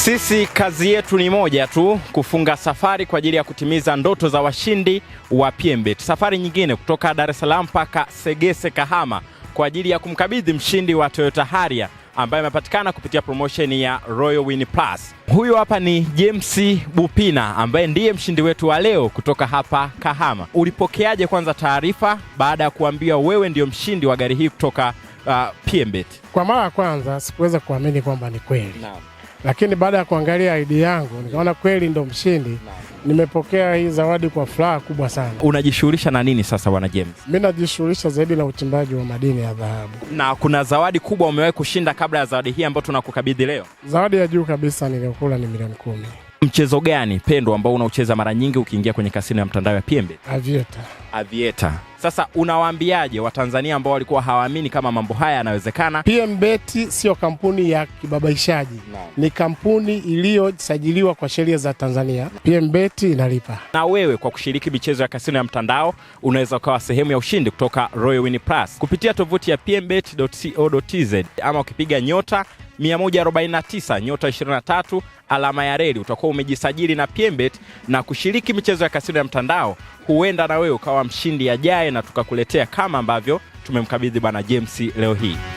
Sisi kazi yetu ni moja tu, kufunga safari kwa ajili ya kutimiza ndoto za washindi wa PMbet. Safari nyingine kutoka Dar es Salaam mpaka Segese Kahama kwa ajili ya kumkabidhi mshindi wa Toyota Harrier ambaye amepatikana kupitia promotion ya Royal Win Plus. Huyu hapa ni James Bupina ambaye ndiye mshindi wetu wa leo kutoka hapa Kahama. Ulipokeaje kwanza taarifa baada ya kuambiwa wewe ndio mshindi wa gari hii kutoka uh, PMbet? Kwa mara ya kwanza sikuweza kuamini kwamba ni kweli. Naam lakini baada ya kuangalia ID yangu nikaona kweli ndo mshindi. Nimepokea hii zawadi kwa furaha kubwa sana. Unajishughulisha na nini sasa, bwana James? Mimi najishughulisha zaidi na uchimbaji wa madini ya dhahabu. Na kuna zawadi kubwa umewahi kushinda kabla ya zawadi hii ambayo tunakukabidhi leo? Zawadi ya juu kabisa niliyokula ni milioni kumi. Mchezo gani pendwa ambao unaucheza mara nyingi ukiingia kwenye kasino ya mtandao ya PMB? Avieta. Avieta. Sasa unawaambiaje Watanzania ambao walikuwa hawaamini kama mambo haya yanawezekana? PMbet siyo kampuni ya kibabaishaji no. Ni kampuni iliyosajiliwa kwa sheria za Tanzania. PMbet inalipa. Na wewe kwa kushiriki michezo ya kasino ya mtandao unaweza ukawa sehemu ya ushindi kutoka Royal Win Plus kupitia tovuti ya pmbet.co.tz ama ukipiga nyota 149 nyota 23 alama ya reli, utakuwa umejisajili na piembet na kushiriki michezo ya kasino ya mtandao. Huenda na wewe ukawa mshindi ajaye, na tukakuletea kama ambavyo tumemkabidhi Bwana James leo hii.